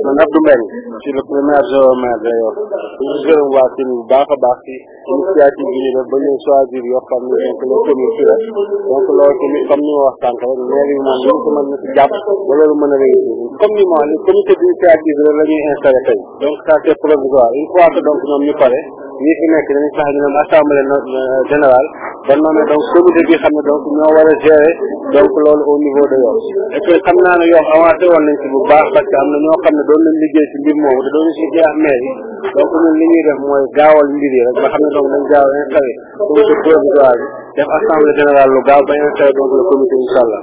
man Abdou Mbengue ci le premier géomètre a Yoff ñu gërëm waa commune bu baax a baax ci initiative bi ñu def ba ñu choisir yoo xam ne donc la commune ci la donc loolu tamit comme ni ma wax sànq rek maire yi moom ñu ko mën a réussir comme ni ma wax la ñuy installé tey donc ça c'est provisoire une fois que donc ñoom ñu pare ba noonu donc comité bi xam ne donc ñoo war a gérer donc loolu au niveau de Yoff et puis xam naa ne Yoff avancé woon nañ ci bu baax parce que am na ñoo xam ne doon nañ liggéey ci mbir moomu te doon nañ ci liggéey ak maire yi donc ñun li ñuy def mooy gaawal mbir yi rek ba xam ne donc nañ gaaw installé comité provisoire bi def assemblée générale lu gaaw ba installé donc le comité incha allah